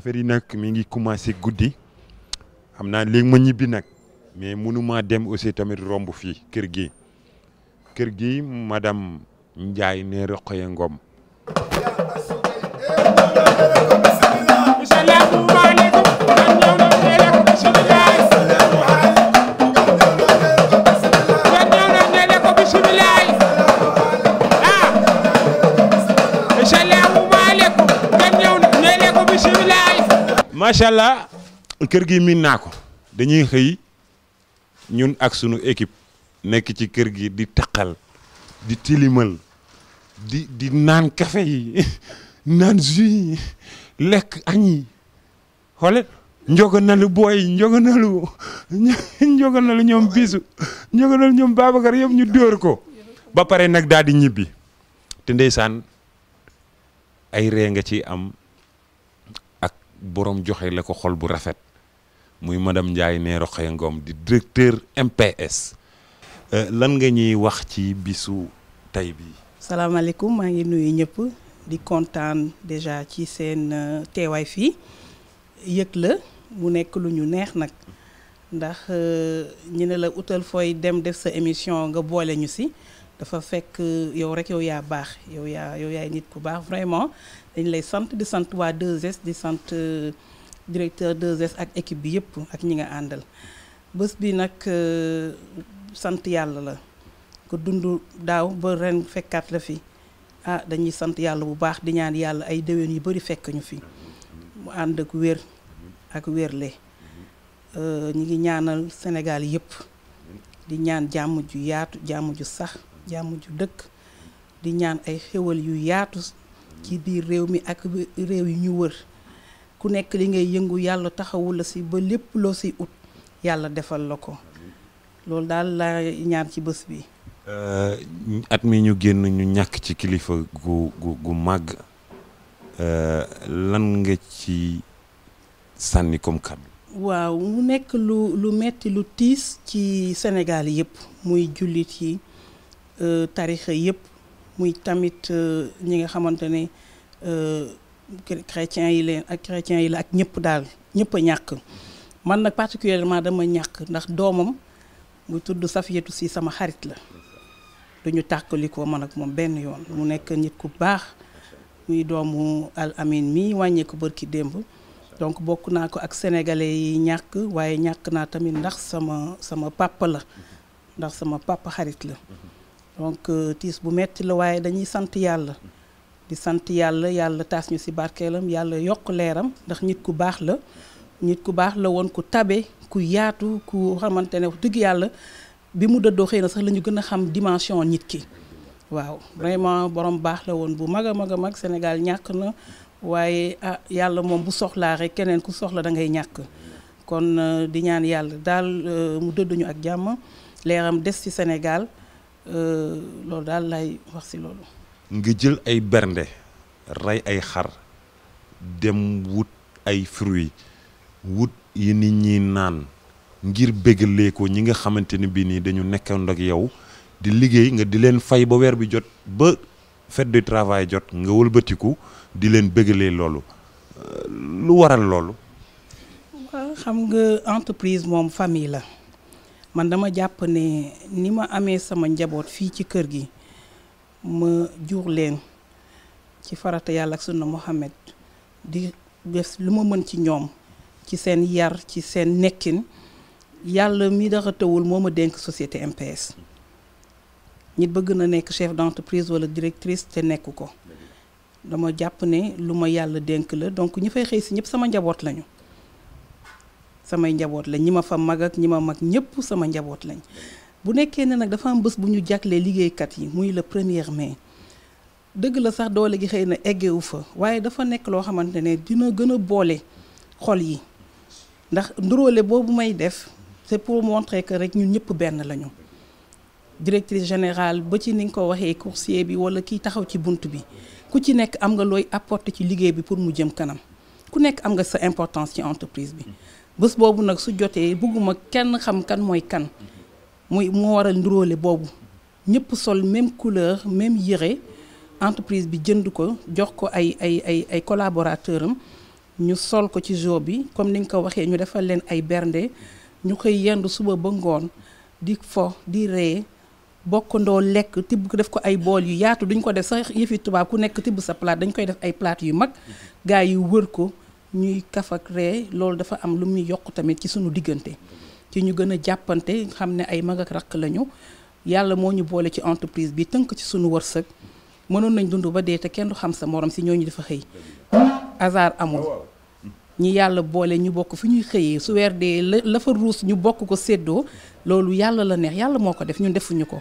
affaire yi nag mi ngi commencé guddi xam naa léegi ma ñibbi nag mais mënuma dem aussi tamit romb fii kër gi kër gi madam Ndiaye ne Rokhaya Ngom macha allah kër gi miin naa ko dañuy xëy ñun ak sunu équipe nekk ci kër gi di taqal di tilimal di di naan café yi naan jus lekk añ yi xoole njoganalu booy njoganalu njoganalu ñoom bisu njoganalu ñoom Babacar yëpp ñu dóor ko ba pare nag daal di ñibbi te ndeysaan ay ree nga ci am borom joxe la ko xol bu rafet muy manam Ndiaye nee Rokhaya Ngom di directeur MPS. Euh, lan nga ñuy wax ci bisu tey bii salaamaaleykum maa ngi nuyu ñëpp di kontaan déjà ci seen euh, teewaay fii yëg la mu nekk lu ñu neex nag ndax euh, ñu ne la utal fooy dem def sa émission nga boole ñu si dafa fekk yow rek yow yaa baax yow yaa yow yaay nit ku baax vraiment dañ lay sant di sant waa 2 di sant euh, directeur 2 ak équipe bi yëpp ak ñi nga àndal bés bi nag euh, sant yàlla la ko dund daaw ba ren fekkaat la fi ah dañuy sant yàlla bu baax di ñaan yàlla ay déwén yu bari fekk fi mu ànd ak wér ak wérle euh, ñu ngi ñaanal Sénégal yëpp di ñaan jàmm ju yaatu jàmm ju sax jàmm ju dëkk di ñaan ay xéwal yu yaatu ci biir réew mi ak réew yi ñu wër ku nekk li ngay yëngu yàlla taxawu la si ba lépp loo si ut yàlla defal la ko loolu daal laa ñaan ci bés bi. Euh, at mi ñu génn ñu ñàkk ci kilifa gu gu gu màgg euh, lan nga ci sànni comme kàddu. waaw mu nekk lu lu metti lu tiis ci senegal yëpp muy jullit yi euh, tarixa yépp muy tamit euh, ñi nga xamante ne euh, chrétiens yi leen ak chrétiens yi la ak ñëpp daal ñëpp ñàkk man nag particulièrement dama ñàkk ndax doomam mu tudd Safiyatu si sama xarit la duñu tàkkalikoo man ak moom benn yoon mu nekk nit ku baax muy doomu al amin mi wàññeeku bërki démb donc bokk naa ko ak sénégalais yi ñàkk waaye ñàkk naa tamit ndax sama sama papa la ndax sama papa xarit la donc euh, tiis bu metti la waaye dañuy sant yàlla di sant yàlla yàlla taas ñu ci barkeelam yàlla yokk leeram ndax nit ku baax la nit ku baax la woon ku tabe ku yaatu ku xamante ne dëgg yàlla bi mu dëddoo xëy na sax la ñu gën a xam dimension nit ki waaw vraiment borom baax la woon bu mag a mag a mag Sénégal ñàkk na waaye ah yàlla moom bu soxlaa keneen ku soxla da ngay ñàkk kon euh, di ñaan yàlla daal euh, mu dëdd ak jàmm leeram des ci Sénégal Euh, loolu daal lay wax si loolu. nga jël ay bernde rey ay xar dem wut ay fruits wut yi nit ñi naan ngir béggalee ko ñi nga xamante ni bii nii dañu nekkandoo ak yow di liggéey nga di leen fay ba weer bi jot ba fet du travail jot nga wëlbatiku di leen béggalee loolu euh, lu waral loolu. waaw xam nga entreprise moom famille la. man dama jàpp ne ni ma amee sama njaboot fii ci kër gi ma jur leen ci farata yàlla ak sunna Muhammad di def lu ma mën ci ñoom ci seen yar ci seen nekkin yàlla mi dara tawul moo ma dénk societé MPS nit bëgg na nekk chef d'entreprise wala directrice te nekk ko dama jàpp ne lu ma yàlla denk la donc ñi fay xëy si ñëpp sama njaboot lañu samay njaboot lañ ñi ma fa mag ak ñi ma mag ñëpp sama njaboot lañ bu nekkee ne nag dafa am bu ñu jàklee liggéeykat yi muy le premier mais dëgg la sax doole gi xëy na eggewu fa waaye dafa nekk loo xamante ne dina gën a boole xol yi ndax nduróole boobu may def c'est pour montrer que rek ñun ñëpp benn lañu directrice générale ba ci ni nga ko waxee coursier bi wala kiy taxaw ci bunt bi ku ci nekk am nga looy apporte ci liggéey bi pour mu jëm kanam ku nekk am nga sa importance ci entreprise bi bës boobu nag su jotee bëgguma kenn xam kan mooy kan muy moo waral nduróole boobu ñëpp sol même couleur même yére entreprise bi jënd ko jox ko ay ay ay ay collaborateur am ñu sol ko ci jour bi comme ni nga ko waxee ñu defal leen ay bernde ñu koy yendu suba ba ngoon di fo di ree bokkandoo lekk tibb ko def ko ay bool yu yaatu duñ ko def sax yëfi tubaab ku nekk tibb sa plat dañ koy def ay plat yu mag gaa yi wër ko ñuy kaf ree loolu dafa am lu muy yokk tamit ci suñu diggante ci ñu gën a jàppante xam ne ay mag ak rakk lañu yàlla moo ñu boole ci entreprise bi tënk ci suñu wërsëg mënoon nañ dund ba dee te kenn du xam sa morom si ñoo ñu dafa xëy hasard amul ñi yàlla boole ñu bokk fu ñuy xëyee su weer dee la fa ruus ñu bokk ko séddoo loolu yàlla la neex yàlla moo ko def ñun defuñu ko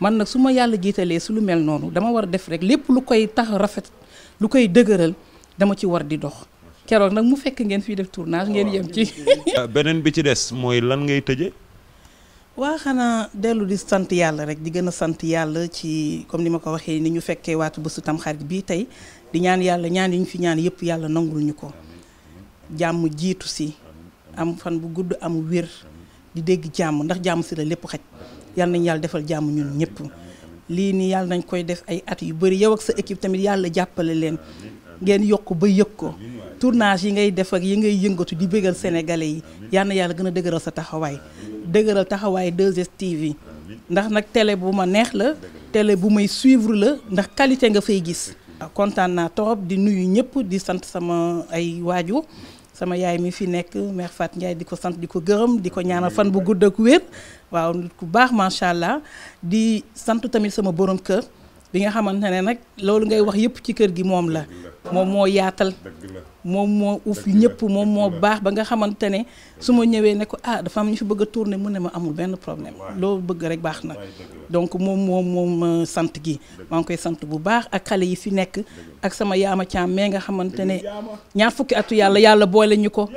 man nag su ma yàlla jiitalee su lu mel noonu dama war a def rek lépp lu koy tax rafet lu koy dëgëral dama ci war di dox keroog nag mu fekk ngeen fii def tournage ngeen yem ci. Ah, beneen bi ci des mooy lan ngay tëje waa xanaa dellu di sant yàlla rek di gën a sant yàlla ci comme ni ma ko waxee ni ñu fekkee waatu bésu tamxarit bii tey di ñaan yàlla ñaan yi fi ñaan yëpp yàlla nangul ko jàmm jiitu si am fan bu gudd am wér di dégg jàmm ndax jàmm si la lépp xaj yàlla nañ yàlla defal jàmm ñun ñëpp lii nii yàlla nañ koy def ay at yu bëri yow ak sa équipe tamit yàlla jàppale leen ngeen yokk ba yëg ko tournage yi ngay def ak yi ngay yëngatu di bégal sénégalais yi yal yàlla gën a dëgëral sa taxawaay dëgëral taxawaay 2STV ndax nag télé bu ma neex la télé bu may suivre la ndax qualité nga fay gis. kontaan naa trop di nuyu ñëpp di sant sama ay waajur sama yaay mi fi nekk mère Fat Ndiaye di ko sant di ko gërëm di ko ñaanal fan bu gudd ak wér waaw nit ku baax macha allah di sant tamit sama borom kër. bi nga xamante ne nag loolu ngay wax yëpp ci kër gi moom la moom moo moom moo uuf ñëpp moom moo baax ba nga xamante ne su ma ñëwee ne ko ah dafa am ñu fi bëgg a tourner mu ne ma amul benn problème loo bëgg rek baax na donc moom moom moom sant gi maa ngi koy sant bu baax ak xale yi fi nekk ak sama yaama caam mais nga xamante ne ñaar fukki atu yàlla yàlla boole ñu ko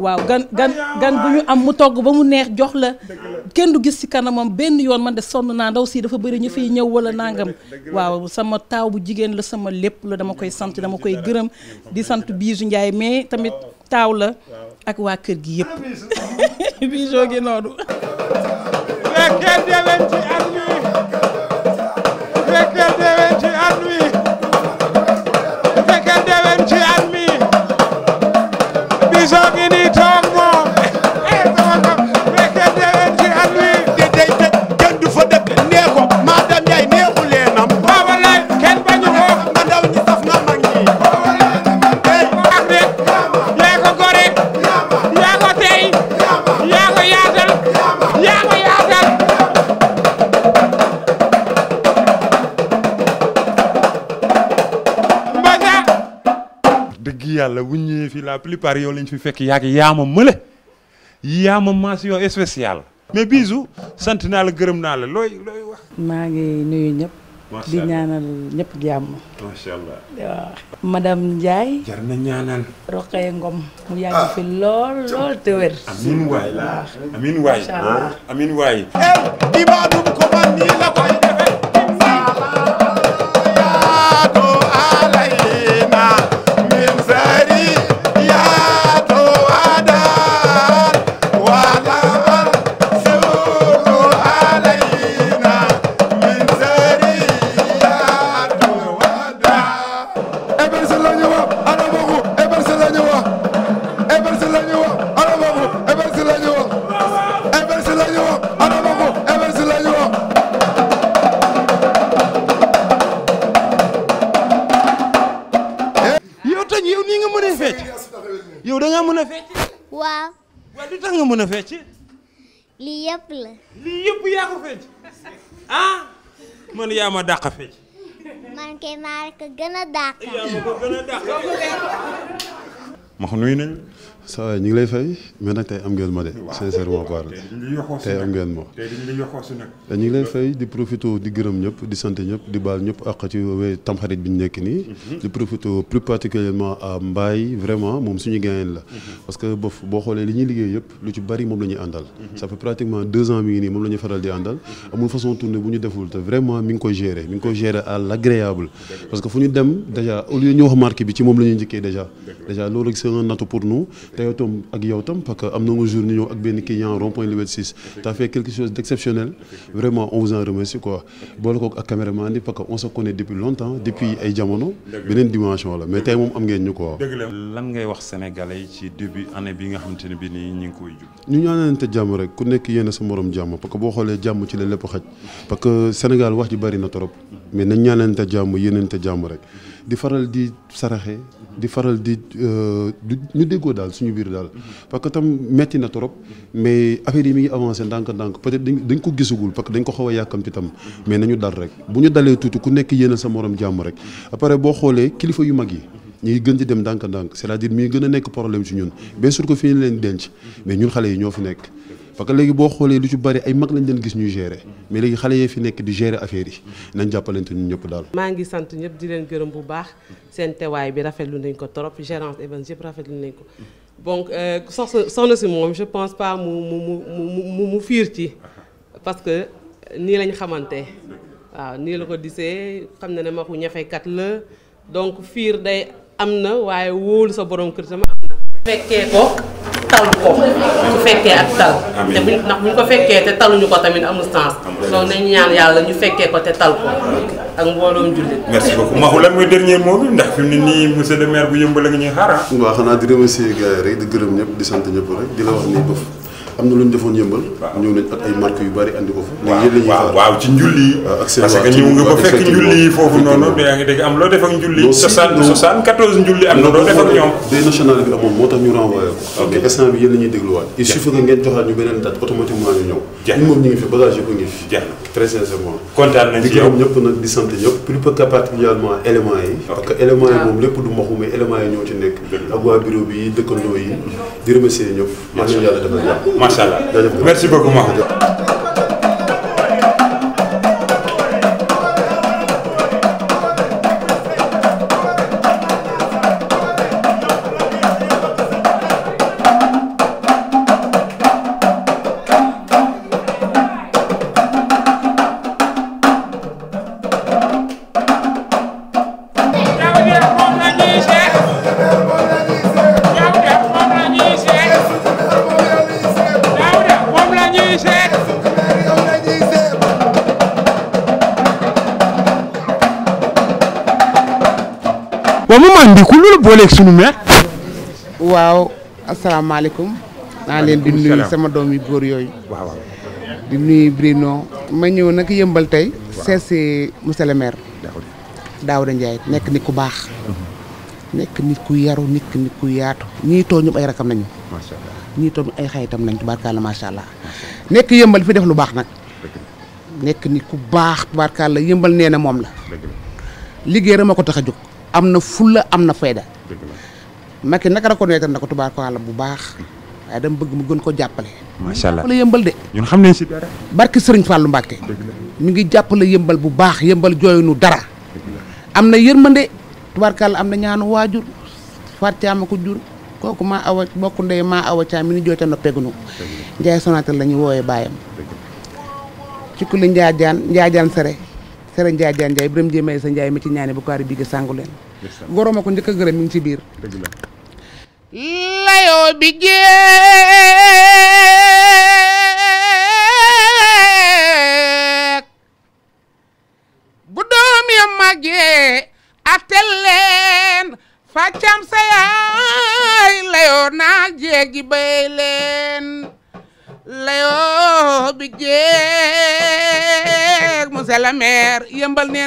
waaw gan gan gan bu ñu am mu togg ba mu neex jox la kenn du gis ci kanamam benn yoon man de sonn naa ndaw si dafa bëri ñu fiy ñëw wala nangam waaw sama taaw bu jigéen la sama lépp dama koy sant dama koy gërëm Ndiaye mais tamit taaw la ak waa gi yëpp ah, biso gi noonu fekkee déwén ci at mi fekkee déwén ci at mi fekkee déwén gi yàlla bu ñëwee la plupart yow lañ fi fekk yaa ngi yaama mële yaama mention spéciale. mais bisu sant naa la gërëm naa la looy looy wax. maa ngi nuyu ñëpp. di ñaanal ñëpp jàmm. macha allah waaw. ñaanal. Roqe Ngom. mu yàgg fi lool ah. lool te wér. amiin waay amiin waay. macha allah amiin eh, ko man nii la koy. mën a fecc lii yëpp la lii yëpp yaa ko fecc ah man yaa ma dàq fecc man kay maa ko gën a dàq yaa ma ko gën a dàq so ñu ngi lay fay mais nag tey am ngeen ma de sincèrement parle ñu ngi lay fay di profito di gërëm ñëpp di sant ñëpp di baal ñëpp àq ci wéy tamxarit bi ñu nekk nii mhm. di profito plus particulièrement à Mbaye vraiment moom suñu gaynde la mhm. parce que bof boo xoolee li ñuy liggéey yëpp lu ci bari moom la ñuy àndal mhm. ça fait pratiquement deux ans mi ngi nii moom la faral di àndal amul façon tournée bu ñu deful te vraiment mi ngi koy gérer mi ngi koy gérer à l'agréable parce que fu ñu dem déjà au lieu ñu wax marque bi ci moom la ñuy njëkkee te yow ak yow tam parce que am na nga jour ñu ñëw ak benn client rond point Liberté 6 t'as fait quelque chose d'exceptionnel vraiment on vous en remercie quoi boole ko ak caméraman yi parce que on se connaît depuis longtemps depuis ay jamono beneen dimension la mais tey moom am ngeen ñu quoi lan ngay wax sénégalais yi ci début année bi nga xamante ne bi nii ñu ngi koy jub ñu ñaanante jàmm rek ku nekk yéen sa morom jàmm parce que boo xoolee jàmm ci la lépp xaj parce que Sénégal wax ji bari na trop mm-hmm. mais nañ ñaanante jàmm yéenante jàmm rek mm-hmm. di faral di saraxe di faral di euh, ñu déggoo daal suñu biir daal parce que tam metti na trop mais affaire yi mi ngi avancé ndànk-ndànk peut-être dañ ko gisagul parce que dañ ko xaw a yàkkam ci tam mais nañu dal rek bu ñu dalee tuuti ku nekk yéen sa morom jàmm rek après boo xoolee kilifa yu mag yi ñuy gën di dem ndànk-ndànk c'est-à-dire mi ngi gën a nekk problème si ñun bien sûr que fi ñu leen denc mais ñun xale yi ñoo fi nekk parce que léegi boo xoolee lu ci bari ay mag lañ leen gis ñuy gérer mais léegi xale yee fi nekk di gérer affaire yi nañ jàppalante ñun ñëpp daal maa ngi sant ñëpp di leen gërëm bu baax seen tewaay bi rafetlu nañ ko trop gérance Events yëpp rafetlu nañ ko donc euh, soxna soxna si moom je pense pas mu mu mu mu mu fiir ci parce que nii lañ xamante waaw nii la ko disee xam na ne maxu ñafekat la donc fiir day am na waaye wóolu sa borom kër sama fekkee ko tal ko su fekkee ak tal te buñ ndax buñ ko fekkee te taluñu ko tamit amul sens donc nañu ñaan yàlla ñu fekkee ko te tal ko ak mbooloom jullit merci beaucoup Maxu lan mooy dernier mot bi ndax fi mu ne nii monsieur le maire bu yëmbal la nga ñuy xaar ah waaw xanaa di remercier gars yi rek di gërëm ñëpp di sant ñëpp rek di la wax ni bëf am na lu ñu defoon yëmbal. ñëw nañ ak ay marques yu bari andi ko fa. waaw waaw ci njulli yi. Ah, njulli yi foofu noonu. mais yaa ngi def ak njulli. non si non am na loo def ak ñoom. day national bi amoon moo tax ñu renvoyé ko. ok instant bi yéen la ñuy il suffit que ngeen joxaat ñu beneen date automatiquement ñu ñëw. jeex moom ñu ngi fi bagage yëpp ngi fi. jeex très sincèrement. kontaan nañ ci yow di gërëm ñëpp nag di sant ñëpp. plus particulièrement éléments yi. parce que éléments yi moom lépp du mboq mais éléments yi ñoo ci nekk. ngi leen yàlla defal macha allah. merci beaucoup Mahmoud. non maman Ndiku lu la booleeg sunu mère. waaw asalaamaaleykum. naa leen di nuyu sama doom yu góor yooyu. waaw di nuyu Bruno. ma ñëw nag yëmbal tey. waaw si monsieur le daaw Daouda Ndiaye nekk nit ku baax. Mhm. nekk nit ku yaru nekk nit ku yaatu. ñii too ñëpp ay rakam nañu. macha allah ñii too ay xayitam nañu tubaarkàlla macha allah. nekk yëmbal fi def lu baax nag. nekk nit ku baax tubaarkàlla yëmbal nee na moom la. liggéey rek ma ko tax a jóg. am na fulla am na fayda Macky naka reconnaître na ko tubaar ko àlla bu baax waaye dama bëgg mu gën ko jàppale macha allah jàppale xam nañ si dara barki sëriñ Fallou Mbacke mi ngi jàppale yëmbal bu baax yëmbal jooyunu dara am na yërmande tubaarkàll am na ñaanu waajur fàttiyaama ko jur kooku maa awa bokk ndey maa awa caa mi ni jooyte noppeegunu Ndiaye Sonatel la ñu wooyee ci ku li njaajaan njaajaan sare Sere Ndiaye Ndiaye Ndiaye Birame Ndiaye May sa Ndiaye mi ci ñaani bu ko aar bii sàngu leen. goroma ko njëkk a gërëm mi ngi ci biir. dëgg layoo bi jee.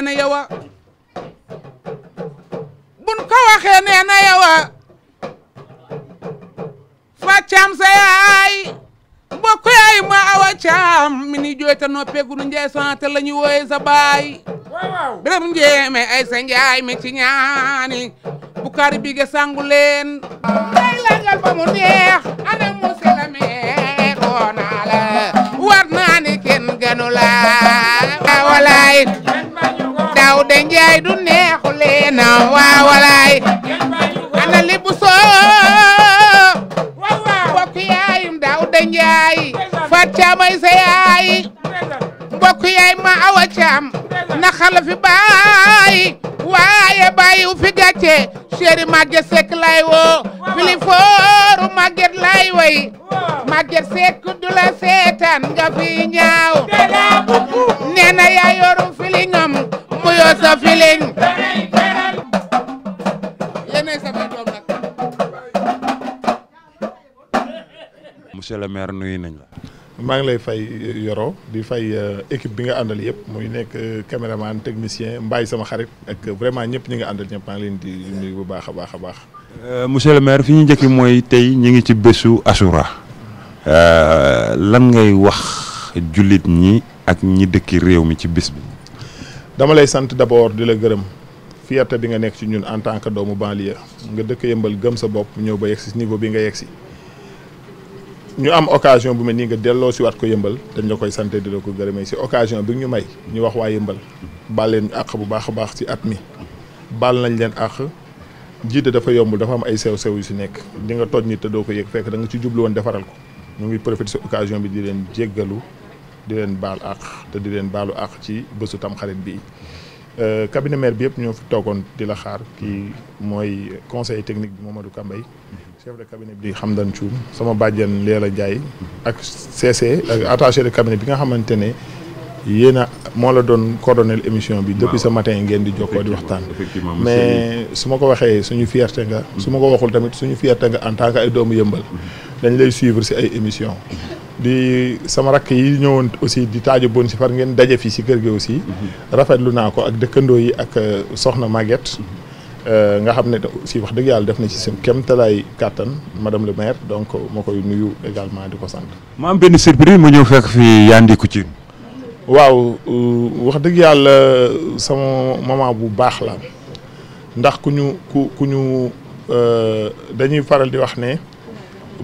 nee na yow a buñ ko waxee nee na yow fa caam sa yaay bokk yaay ma awa caam mi ni jooy ta noppeeku nu njaay sonate la ñu wooye sa baay biram njeeme ay sa mi ci ñaani bukaari bi ga sangu leen day ba mu neex ana mu sela meeroona aw de njaay du neexu waa walaay ana li bu soo mbokk yaayum daaw de njaay fat caamay sa yaay mbokk yaay ma awa caam na xala baay waaye bàyyi wu fi gàcce chéri Maguette Seck lay woo filifooru Maguette lay way Maguette Seck du la seetaan nga fi nee na yaa yorum filingam yokk yoo monsieur le maire nuyu nañ la. maa ngi lay fay Yoro di fay euh, équipe bi nga àndal yëpp muy nekk euh, caméraman technicien mbaay sama xarit ak vraiment ñëpp ñu ngi àndal ñëpp maa ngi leen di nuyu bu baax a baax a baax. Euh, monsieur le maire fi ñu njëkki mooy tey ñu ngi ci bésu Achoura lan ngay wax jullit ñi ak ñi dëkki réew mi ci bis bi. dama lay sant d'abord di la gërëm fierté bi nga nekk ci ñun en tant que doomu banlieue nga dëkk yëmbal gëm sa bopp ñëw ba yegg si niveau bi nga yegg si ñu am occasion bu mel nii nga delloo si waat ko yëmbal dañ la koy sante di la ko gërëmee si occasion bi ñu may ñu wax waa yëmbal baal leen ñu àq bu baax a baax ci at mi baal nañ leen àq jiite dafa yombul dafa am ay sew-sew yu si nekk di nga toj nit te doo ko yëg fekk da nga ci jublu woon defaral ko ñu ngi profit si bi di leen jéggalu di leen baal àq te di leen baalu àq ci tam tamxarit bi euh, cabinet maire bi yëpp ñoo fi toogoon di la xaar kii mooy conseil technique bi Mamadou Kambay chef de cabinet bi xam dan Thioum sama bàjjen Leela Ndiaye ak CC ak attaché de cabinet bi nga xamante ne yéen a moo la doon coordonner émission bi. depuis ce matin ngeen di jokkoo di waxtaan. mais su ma ko waxee suñu fierté nga. Mm-hmm. su ma ko waxul tamit suñu fierté nga en tant que ay doomu yëmbal. Mm-hmm. dañ lay suivre si ay émission mm-hmm. di sama rakk yi ñëwoon aussi di taajo bon si far ngeen daje fii si kër gi aussi. rafetlu naa ko ak dëkkandoo yi ak euh, soxna Maguette. Euh, nga xam ne aussi wax dëgg yàlla def na ci seen kéemtalaay kàttan madame le maire donc euh, ma koy nuyu également di ko sant. ma am benn surprise mu ñëw fekk fi Yandi Couture. waaw euh, wax dëgg yàlla sama maman bu baax la ndax ku ñu ku ku ñu euh, dañuy faral di wax ne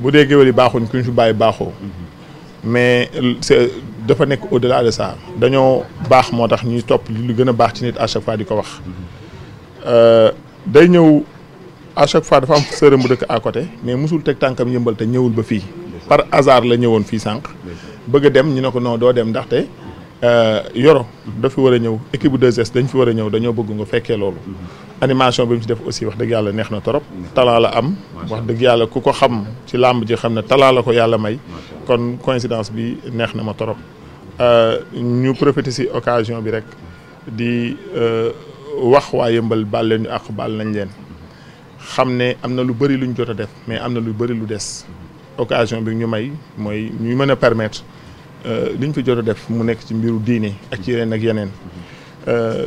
bu dee géwél yi baaxuñ ku ñu fi bàyyi baaxoo mhm. mais c'est dafa nekk au delà de ça dañoo baax moo tax ñuy topp lu gën a baax ci nit à chaque fois di ko wax mhm. euh, day ñëw à chaque fois dafa am sërëm bu dëkk à côté mais musul teg tànkam yëmbal te ñëwul ba fii par hasard la ñëwoon fii sànq bëgg dem ñu ne ko non doo dem ndaxte Euh, Yoro dafa war a ñëw équipe bu 2S dañ fi war a ñëw dañoo bëgg nga fekkee loolu mhm. animation bi mu ci def aussi wax dëgg yàlla neex na trop mhm. talaala am wax dëgg yàlla ku ko xam ci làmb ji xam ne talaa ko yàlla may kon coïncidence bi neex na ma trop euh, ñu profité si occasion bi rek di euh, wax waa yëmbal baal leen ñu baal nañ leen xam ne am na lu bëri lu ñu jot a def mais am na lu bëri lu des mhm. occasion bi ñu may mooy ñu mën a permettre Euh, li ñu fi jot a def mu nekk ci mbiru diine ak ci yeneen ak euh,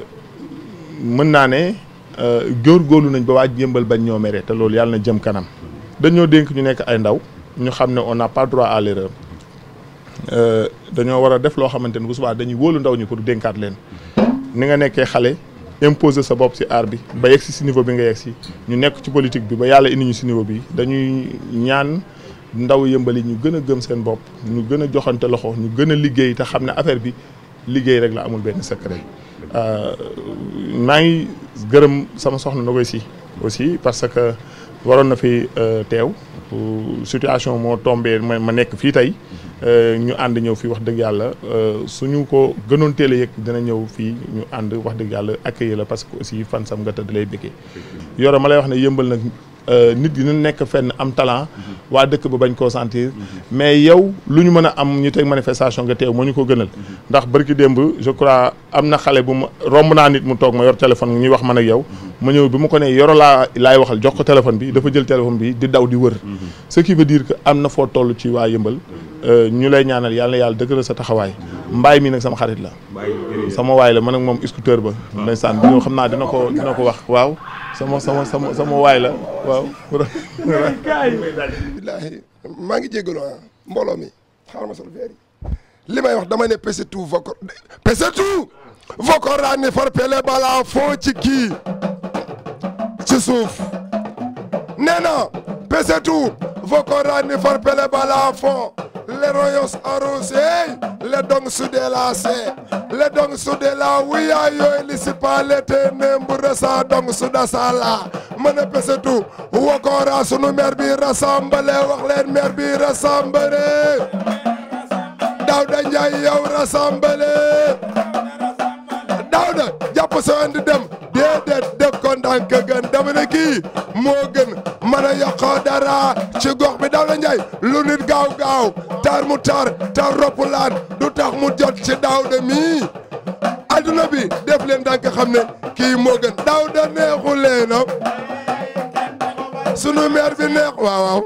mën naa ne euh, góorgóorlu nañ ba waa Yeumbeul bañ ñoo mere te loolu yàlla na jëm kanam dañoo dénk ñu nekk ay ndaw ñu xam ne on n'a pas droit à dañoo war a def loo xamante ni bu subaa dañuy wóolu ndaw ñi pour dénkaat leen ni nga nekkee xale imposer sa bopp ci aar bi ba yegg si si niveau bi nga yegg si ñu nekk ci politique bi ba yàlla indi ñu si niveau bi dañuy ñaan ndaw yëmbali ñu gën a gëm seen bopp ñu gën a joxante loxo ñu gën a liggéey te xam ne affaire bi liggéey rek la amul benn secret euh, maa ngi gërëm sama soxna na koy si aussi parce que waroon na fi euh, teew situation moo tombé ma ma nekk fii tey euh, ñu ànd ñëw fii wax dëgg yàlla suñu ko gënoon teel a yëg dina ñëw fii ñu ànd wax dëgg yàlla ak accueillir la parce que aussi fan sam nga tëdd lay békkee yoro ma lay wax ne yëmbal nag Euh, nit gi nañ nekk fenn am talan waa dëkk ba bañ koo sentir mais yow lu ñu mën a am ñu teg manifestation nga teew moo ñu ko gënal ndax bërki démb je crois am na xale bu ma romb naa nit mu toog ma yor téléphone ñuy wax ma ak yow ma ñëw bi ma ko ne yoro laa laay waxal jox ko téléphone bi dafa jël téléphone bi di daw di wër sa kii veut diir que am na foo toll ci waa yëmbal euh, ñu lay ñaanal yàlla na yàlla dëgëral sa taxawaay mbaay mi nag sama xarit la sama waay la man ak moom scooter ba ndeysaan bi xam naa dina ko ko wax sama sama sama sama waay la waaw. billaahi maa ngi jégalu ah mbooloo mi xaaral ma sol verre yi li may wax dama ne pese tout vokor pese tout vokora ni far pele balaa foo ci kii ci suuf nee na pesetu vokorani farpele bala fo le royos arose hey, le dong sudela le dong sudela wiya yo lisipalete nembu resa dong sudasala mene pesetu wokora sunu mer bi rasambale wax leen mer bi rasambale Daouda Ndiaye yow rasambale Daouda jàpp soo andi dem ak ka dama ne kii moo gën mën a yokkoo dara ci gox bi daw la lu nit gaaw gaaw tar mu tar tar roppalaan du tax mu jot ci daaw de mii adduna bi def leen danga xam ne kii moo gën daaw de neexu leena ah. sunu maire bi neex waaw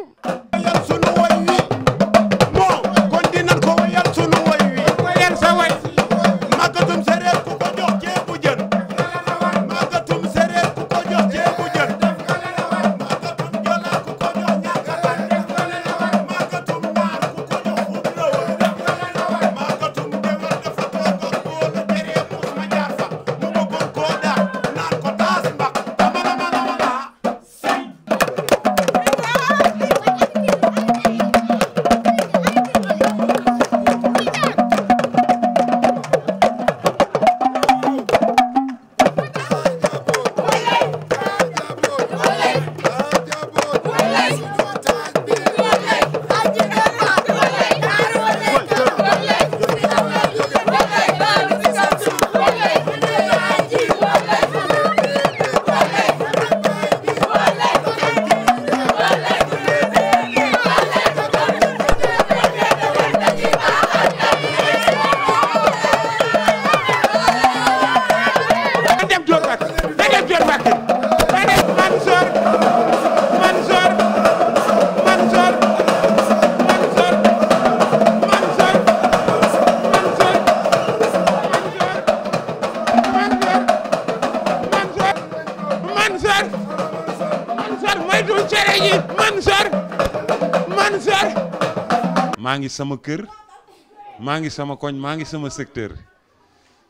maa ngi sama kër maa ngi sama koñ maa ngi sama secteur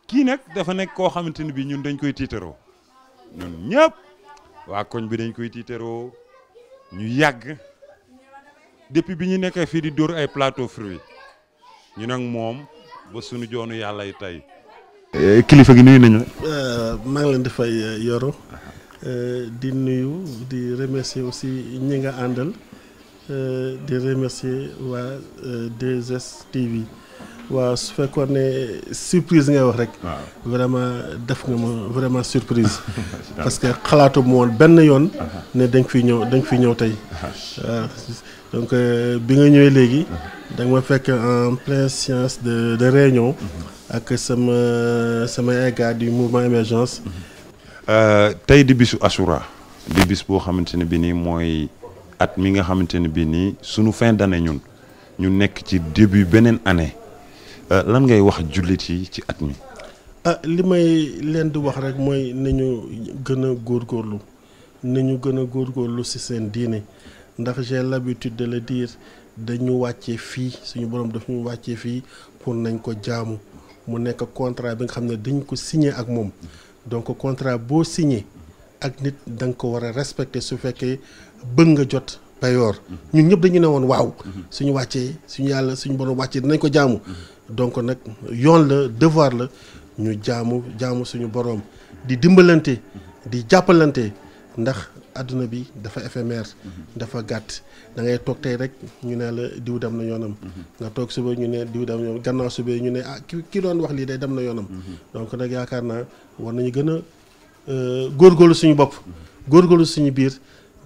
kii nag dafa nekk koo xamante ni bi ñun dañ koy tiitaroo ñun ñëpp waa koñ bi dañ koy tiitaroo ñu yàgg depuis bi ñu nekkee fii di dóor ay plateau fruit ñu nag moom ba sunu joonu yàlla yi tey. Eh, kilifa gi nuyu nañu la. Eh, maa ngi leen dafay yoru eh, yoro di nuyu di remercier aussi ñi nga àndal. Euh, di remercier waa 2STV euh, waaw su fekkoon ne surprise ngay wax rek. vraiment def nga ma vraiment surprise. parce que xalaatu mu woon benn yoon. ne da fi fiy ñëw da nga ñëw tey. waaw donc euh, bi nga ñëwee léegi. da nga fekk en de de réunion. ak sama sama égard du mouvement tey di bisu Achoura di bis boo xamante ne bi nii mooy. at mi nga xamante ne bii nii sunu fin d'année ñun ñu nekk ci début beneen année euh, lan ngay wax jullit yi ci at mi. ah li may leen di wax rek mooy nañu gën a góorgóorlu nañu gën a góorlu si seen diini ndax j'ai l'habitude de le dire dañu wàccee fii suñu borom daf ñu wàccee fii pour nañ ko jaamu mu nekk contrat bi nga xam ne dañ ko signé ak moom donc contrat boo signé ak nit danga ko war a respecter su fekkee. bëgg nga jot payoor mhm. ñun ñëpp dañu ne woon waaw mhm. suñu wàccee suñu yàlla suñu borom wàccee dinañ ko jaamu mhm. donc nag yoon la devoir la ñu jaamu jaamu suñu boroom di dimbalante di jàppalante ndax àdduna bi dafa éphémère dafa gàtt dangay toog tey rek ñu ne la diw dem na yoonam nga toog suba ñu ne diw dem na yoonam gannaaw suba ñu ne ah ki doon wax lii day dem na yoonam donk nag yaakaar naa war nañu gën a euh, góorlu suñu bopp góorgóorlu suñu biir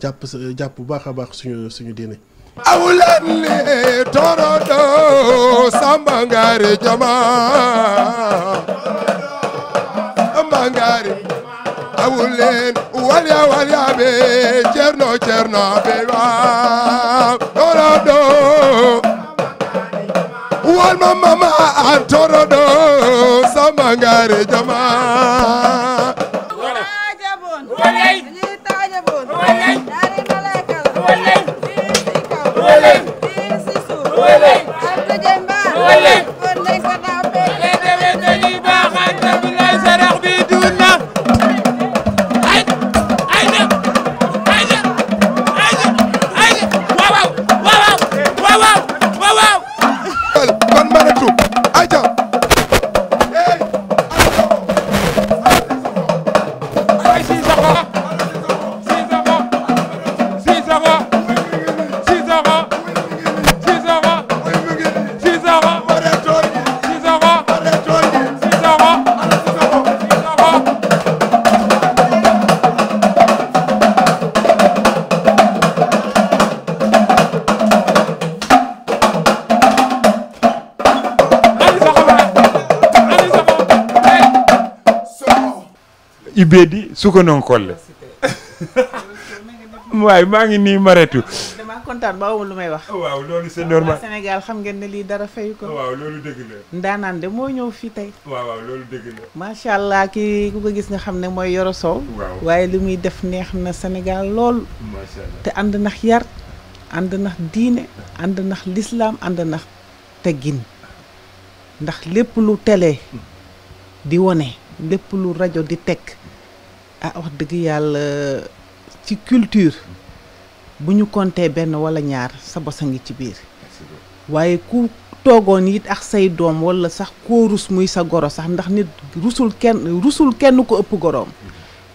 jàpp sa bu baax a baax suñu suñu diine awulan torodo samba ngaari jama samba ngaari awulen walya walya be cerno cerno be torodo wal mama an torodo samba ngaari jama Demba. Sukkanong Kolle. waaye maa ngi nii maretu. damaa kontaan ba lu may wax. waaw loolu c'est xam ngeen ne lii dara fay ko. ñëw fii tey. waaw waaw loolu ku ko gis nga xam ne mooy Yoro Sow. waaye li muy def neex na Sénégal lool. ànd nax yar ànd nax lislaam ànd nax teggin ndax lépp lu télé di wone lépp lu rajo di teg. ah wax dëgg yàlla ci culture bu ñu compter benn wala ñaar sa bos a ngi ci biir waaye ku toogoon it ak say doom wala sax koo rus muy sa goro sax ndax nit rusul kenn rusul kenn ko ëpp goroom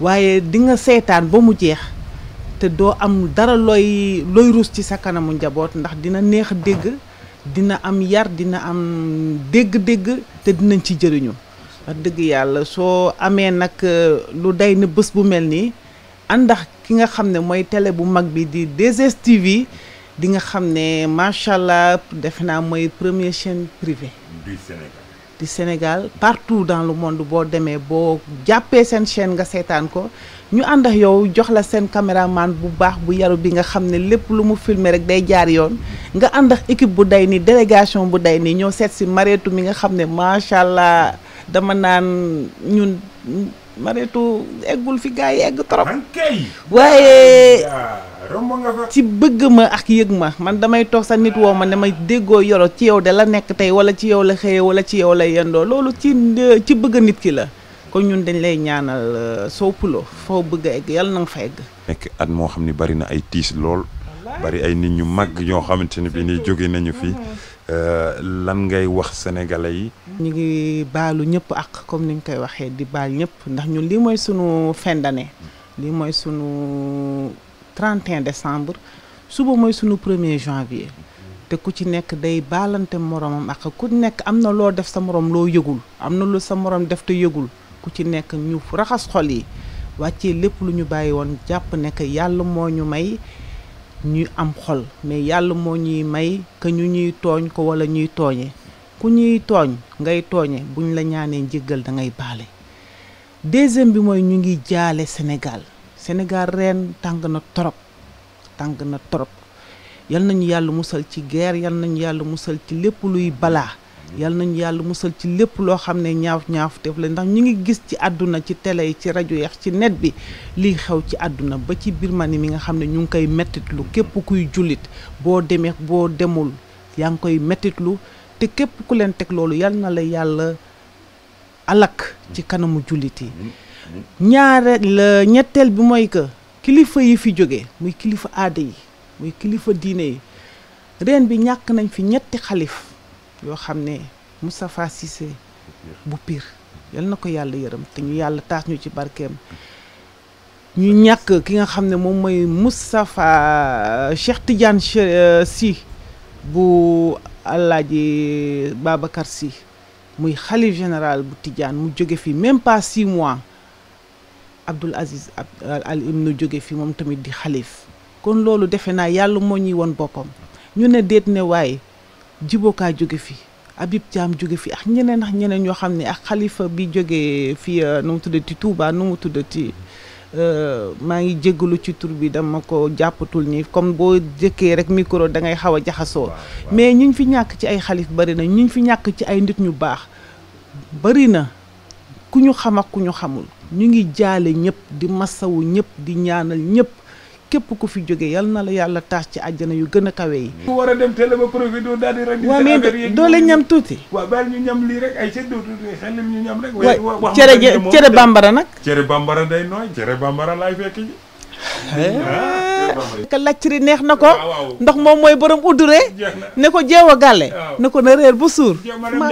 waaye dinga nga seetaan ba mu jeex te doo am dara looy looy rus ci sa kanamu njaboot ndax dina neex dégg dina am yar dina am dégg-dégg te dinañ ci jëriñu wax dëgg yàlla soo amee nag euh, lu day na bës bu mel ni àndax ki nga xam ne mooy tele bu mag bi di 2 yi di nga xam ne macha allah defe naa mooy premier chaîne privée. du Sénégal. partout dans le monde boo demee boo jàppee seen chaîne nga seetaan ko ñu ànd ak yow jox la seen caméraman bu baax bu yaru bi nga xam ne lépp lu mu filmer rek day jaar yoon nga ànd ak équipe bu day nii délégation bu day ni ñoo seet si Marietou mi nga xam ne macha allah. dama naan ñun Marietou eggul fi gars yi egg trop. waaye. ci bëgg ma ak yëg ma man damay toog sa nit woo ma ne ma déggoo yoro ci yow de la nekk tey wala ci yow la xëyee wala ci yow la yendoo loolu ci ci bëgg nit ki la. kon ñun dañ lay ñaanal euh, soo pulo foo bëgg a egg yàlla na nga fa egg. nekk at moo xam ne bari na ay tiis lool bari ay nit ñu màgg ñoo xamante ne bi nii jóge nañu fi mm-hmm. Euh, lan ngay wax sénégalais yi. ñu ngi baalu ñëpp ak comme ni ñu koy waxee di baal ñëpp ndax ñun lii mooy sunu fin d'année. lii mooy sunu 31 décembre suba mooy sunu premier janvier. te ku ci nekk day baalante moromam ak ku nekk am na loo def sa morom loo yëgul am na lu sa morom def te yëgul ku ci nekk ñu raxas xol yi wàccee lépp lu ñu bàyyi woon jàpp ne yàlla moo ñu may. ñuy am xol mais yàlla moo ñuy may que ñu ñuy tooñ ko wala ñuy tooñee ku ñuy tooñ ngay tooñe buñ la ñaanee njégal da ngay baale deuxième bi mooy ñu ngi jaale Sénégal Sénégal reen tàng na torop tàng na torop yal nañu yàlla musal ci guerre yal nañu yàlla musal ci lépp luy balaa yal nañu yàlla musal ci lépp loo xam ne ñaaf ñaaf def la ndax ñu ngi gis ci àdduna ci télé yi ci rajo yeex ci net bi lii xew ci àdduna ba ci Birmanie mi nga xam ne ñu ngi koy mettitlu képp kuy jullit boo demee boo demul yaa ngi koy mettitlu te képp ku leen teg loolu yal na la yàlla alak ci kanamu jullit yi ñaare la ñetteel bi mooy que kilifa yi fi jóge muy kilifa aada yi muy kilifa diine yi reen bi ñàkk nañ fi ñetti xalif yoo xam ne Moustapha Cissé bu piir yal na ko yàlla yërëm te ñu yàlla taas ñu ci barkeem ñu ñàkk ki nga xam ne moom mooy Moustapha euh, Cheikh Tidiane euh, si bu Alaaji Babacar si muy xalif général bu Tidiane mu jóge fi même pas si mois Abdoul Aziz euh, Al Imnu jóge fi moom tamit di xalif kon loolu defe naa yàlla moo ñuy woon boppam ñu ne déet ne waaye jibokaa jóge fi Habib Thiam jóge fi ak ñeneen ak ñeneen ñoo xam ne ak xalifa bi jógee fi euh, nu mu tuddati Touba nu mu tuddati euh, maa ngi jéggalu ci tur bi dama ko jàppatul nii comme boo jëkkee rek micro da ngay xaw a jaxasoo mais ñu fi ñàkk ci ay xalif bari na ñu fi ñàkk ci ay nit ñu baax bari na ku ñu xam ak ku ñu xamul ñu ngi jaale ñëpp di masawu ñëpp di ñaanal ñëpp képp ku fi jóge yal na la yàlla taas ci àjjana yu gën a kawe yi. bu war dem teel a ba profité daal doole ñam tuuti. waaw baal ñu ñam lii rek ay cër tuuti xel ñu ñam rek. wax cere cere bambara nag. cere bambara day nooy cere laay fekk ji. Eh? Ah, ka neex na ko ndox moom mooy borom udduree ne ko jeew a gàlle ne ko ne réer bu suur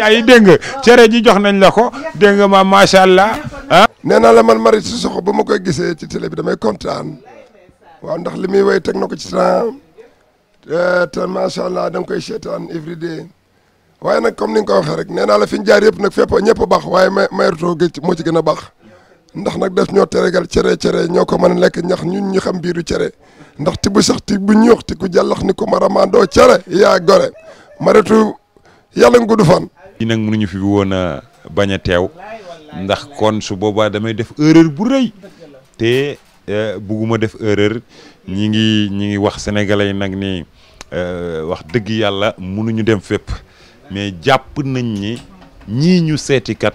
ay dégg nga cere ji jox nañ la ko dégg nga ma macha allah. Ah? nee naa la man mari si soxo ba ma koy gisee ci télé bi damay kontaan waaw ndax li muy way teg na ko ci temps euh, te macha allah da koy seetaan every day waaye nag comme ni nga ko waxee rek nee naa la fi jaar yëpp nag fépp ñëpp a baax waaye may mayertoo gi moo ci gën a baax ndax nag def ñoo teregal cere cere ñoo ko mën a lekk ñax ñun ñu xam biiru cere ndax ti bu sax ti bu ñuux ti ku jàllax ni ku maramandoo cere yaa gore maretu yàlla nga gudd fan. yi nag mënuñu fi woon a bañ a teew ndax kon su boobaa damay def erreur bu rëy te. bugguma def erreur ñi ngi ñi ngi wax sénégalais yi nag ni euh, wax dëgg yàlla mënuñu dem fépp mais jàpp nañ ni ñii ñu seetikat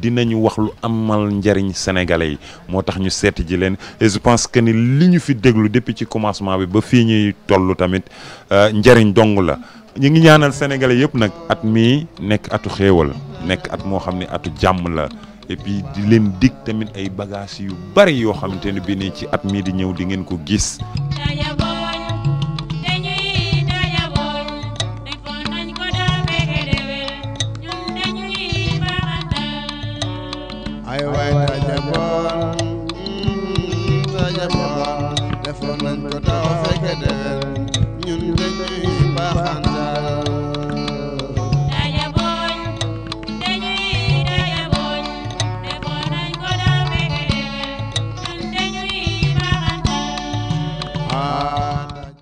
dina ñu wax lu amal njariñ sénégalais yi moo tax ñu seeti ji leen et je pense que ni li ñu fi déglu depuis ci commencement bi ba fii ñuy toll tamit euh, njariñ dong la ñu ngi ñaanal sénégalais yëpp nag at mii nekk atu xéewal nekk at moo xam ni atu jàmm la et di leen dig tamit ay bagaas yu bari yoo xamante ne bi nii ci at mii di ñëw di ngeen ko gis. aywa